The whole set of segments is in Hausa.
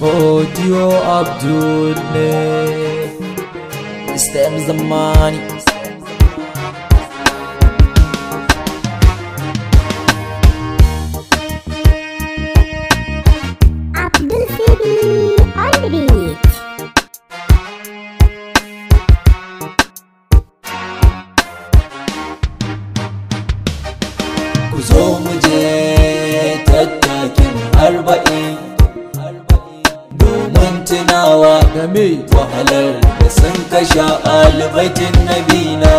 Fodio Abdullah Istem Abdul Sebi on the beat Ku zo mu je tattakin tunawa game wahalar da sun kasha alibaitin nabina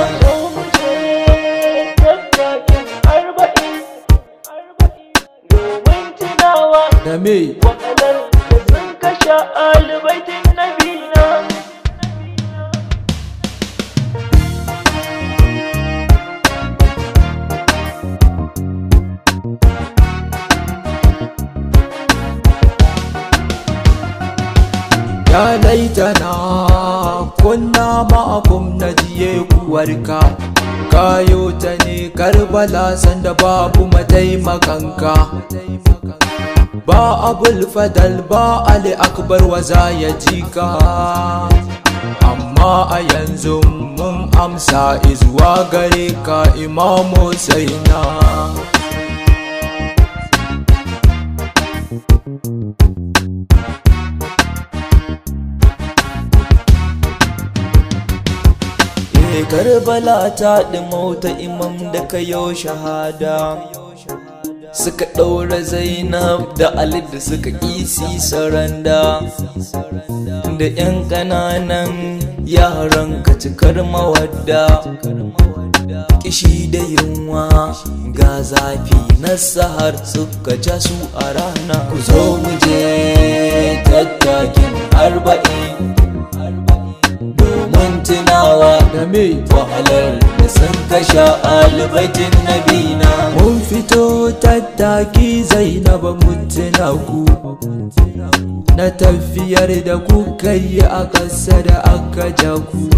game wahalar da sun kasha alibaitin nabina laitana kunna ma'akum najiye kuwarka kayo ta ne karbala sanda babu mataimakanka ba abul fadal ba ali akbar waza ya jika amma a yanzu mun amsa izuwa gare ka imamu na ce karbala ta mauta imam da ka yau shahada suka ɗaura zainab da ali da suka isi saranda da 'yan ƙananan yaran ka cikar mawadda kishi da yunwa ga zafi na sahar suka ja su a rana ku zo mu je me wahalar da sun kasha alibaitin nabina mun fito tattaki zainab mutuna na tafiyar da kuka yi a ƙasa da aka ja ku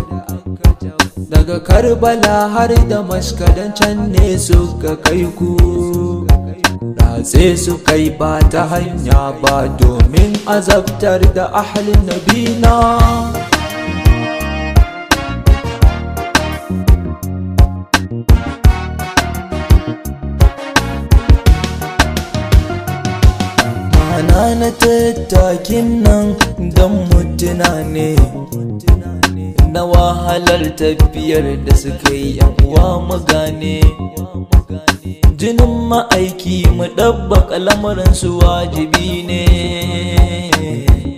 daga karbala har da mashkadan can ne suka kai ku sai su kai ba ta hanya ba domin azabtar da ahalin nabina na tattakin nan don mutuna ne na wahalar tafiyar da suka yi uwa magane jinin ma'aiki mu ɗabbaka su wajibi ne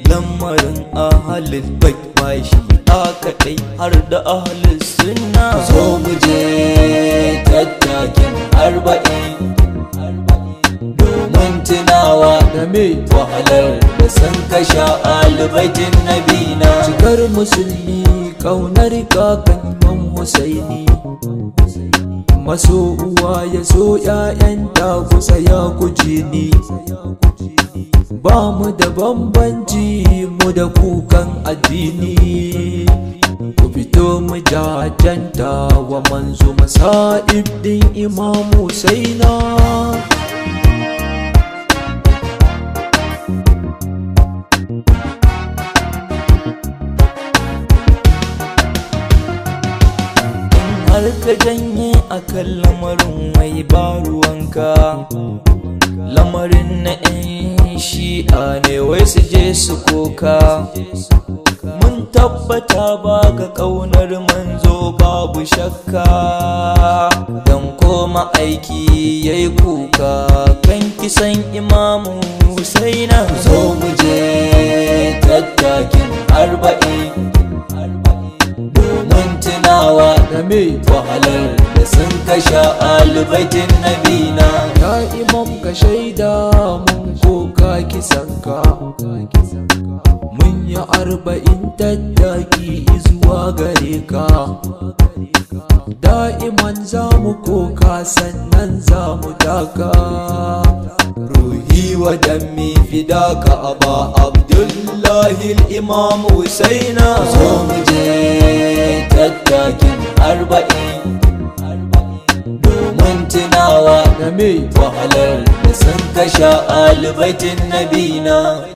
lamarin ahalin bai a kaɗai har da ahalin suna zo mu je tattakin arba'in me wahalar da san kasha albaitin nabina cikar musulmi kaunar kakan imam husaini maso uwa ya so ƴaƴan ta kusa ya ni ba mu da bambanci mu da kukan addini ku fito mu jajanta wa manzo masa'ib din imamu husaina ta janye a kan lamarin mai ba ruwanka lamarin na 'yan shi'a ne wai su je su koka mun tabbata ba ga ƙaunar manzo babu shakka don koma aiki ya yi kuka kan kisan imamu husaina zo mu je tattakin arba'in game wahalar da sun kasha alibaitin nabina ya imam ka shaida mun koka kisanka mun yi arba'in tattaki zuwa gare ka da'iman za mu koka sannan za mu daka ruhi wa dammi a aba abu Abdullahi imam Husaina zo mu je tattakin arba'in domin tunawa da mai wahalar da sun kasha alibaitin nabina